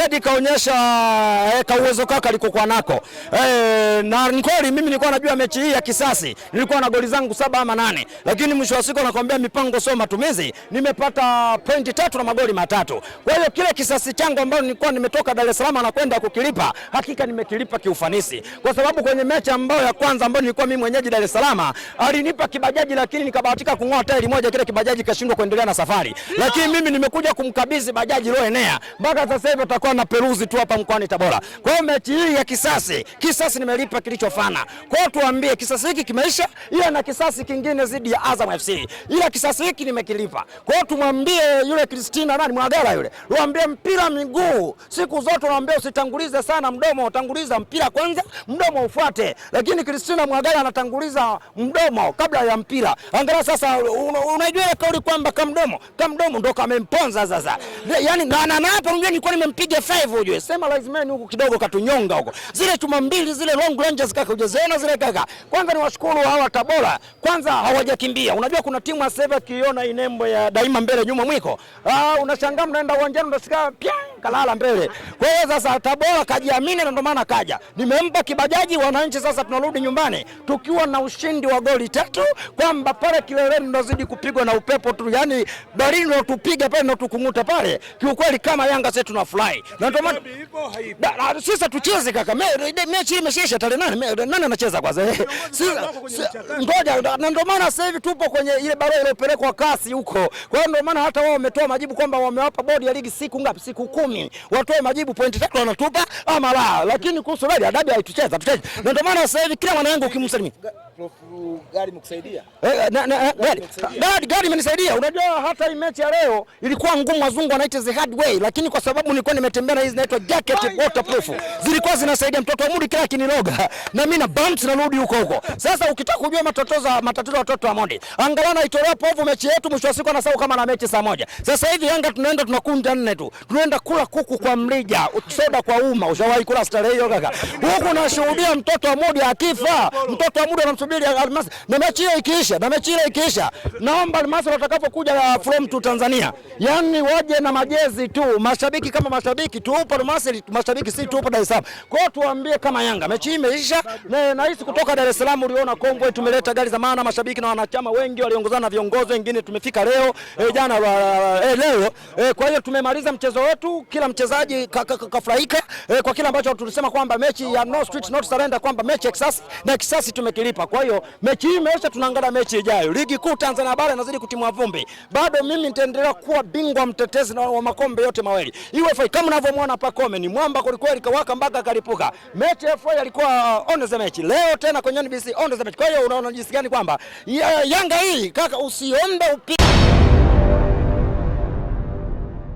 Fred kaonyesha e, eh, ka uwezo kaka alikokuwa nako e, na ni kweli mimi nilikuwa najua mechi hii ya kisasi, nilikuwa na goli zangu saba ama nane, lakini mwisho wa siku nakwambia mipango sio matumizi, nimepata pointi tatu na magoli matatu. Kwa hiyo kile kisasi changu ambacho nilikuwa nimetoka Dar es Salaam na kwenda kukilipa, hakika nimekilipa kiufanisi, kwa sababu kwenye mechi ambayo ya kwanza ambayo nilikuwa mimi mwenyeji Dar es Salaam alinipa kibajaji, lakini nikabahatika kung'oa tairi moja, kile kibajaji kashindwa kuendelea na safari, lakini mimi nimekuja kumkabidhi bajaji loenea mpaka sasa hivi atakuwa tulikuwa na peruzi tu hapa mkoani Tabora. Kwa hiyo mechi hii ya kisasi, kisasi nimelipa kilichofana. Kwa hiyo tuambie kisasi hiki kimeisha, ila na kisasi kingine zidi ya Azam FC, ila kisasi hiki nimekilipa. Kwa hiyo tumwambie yule Kristina nani Mwagara yule, tuambie mpira miguu, siku zote tunaambia usitangulize sana mdomo, utanguliza mpira kwanza, mdomo ufuate. Lakini Kristina Mwagara anatanguliza mdomo kabla ya mpira. Angalau sasa, unajua kauli kwamba kamdomo kamdomo ndo kamemponza sasa, yaani na na hapo nilikuwa nimempiga 5 ujue, sema lazimeni huko kidogo katunyonga huko, zile chuma mbili zile Long ranges kaka, ujezeena zile kaka. Kwanza ni washukuru hawa Tabora, kwanza hawajakimbia. Unajua kuna timu aseva kiona inembo ya daima mbele nyuma mwiko, ah, unashangaa mnaenda uwanjani unasikia pia kalala mbele. Kwa hiyo sasa Tabora kajiamini na ndio maana kaja, nimempa kibajaji. Wananchi sasa tunarudi nyumbani tukiwa na ushindi wa goli tatu, kwamba pale kileleni tunazidi kupigwa na upepo tu, yani Berlin ndio pale na tukung'uta pale. Kiukweli kama Yanga sasa tunafurahi, na ndio maana sasa ah, tucheze kaka, mechi imeshaisha tarehe nane. Nani anacheza kwanza? Sasa Ngoja, na ndio maana sasa hivi tupo kwenye ile barua iliyopelekwa kasi huko. Kwa hiyo ndio maana hata wao wametoa majibu kwamba wamewapa bodi ya ligi siku ngapi? Siku kumi nini? watoe majibu pointi tatu wanatupa ama la, lakini kuhusu radi adabu haitucheza, tucheze. Ndio maana sasa hivi kila mwanangu ukimsalimia gari eh, eh, eh, imenisaidia. Unajua hata hii mechi ya leo ilikuwa ngumu, wazungu wanaita the hard way, lakini kwa sababu nilikuwa nimetembea na hizi zinaitwa jacket waterproof zilikuwa zinasaidia. Mtoto wa Mudi kila kiniloga na mimi na bounce rudi huko huko. Sasa ukitaka kujua matatizo matatizo ya watoto wa Mondi, angalau na itolea povu mechi yetu mwisho wa siku anasahau kama na mechi saa moja. Sasa hivi Yanga tunaenda tunakunja nne tu, tunaenda kula kuku kwa mrija, soda kwa umma. Ushawahi kula starehe hiyo kaka? Huku nashuhudia mtoto wa Mondi akifa, mtoto wa Mondi anamsubiri tunasubiri Almasi na mechi ile ikiisha, na mechi ile ikiisha, naomba Almasi watakapokuja from to Tanzania, yani waje na majezi tu. Mashabiki kama mashabiki tu, tupo Almasi mashabiki si tu tupo Dar es Salaam. Kwa hiyo tuambie kama Yanga mechi imeisha, na nahisi kutoka Dar es Salaam uliona kongwe, tumeleta gari za maana, mashabiki na wanachama wengi waliongozana na viongozi wengine, tumefika leo e, jana e, leo e, kwa hiyo tumemaliza mchezo wetu, kila mchezaji kafurahika ka, ka, ka e, kwa kila ambacho tulisema kwamba mechi ya no street not surrender, kwamba mechi ya kisasi na kisasi tumekilipa. Kwa hiyo mechi hii imeisha, tunaangalia mechi ijayo. Ligi Kuu Tanzania Bara inazidi kutimwa vumbi, bado mimi nitaendelea kuwa bingwa mtetezi na wa makombe yote mawili, iwe fai. kama unavyomwona Pakome ni mwamba kwelikweli, kawaka mpaka kalipuka Mechi ya FA alikuwa on the match, leo tena kwenye NBC on the match. Kwa hiyo unaona jinsi gani kwamba Yanga hii kaka, usiombe upi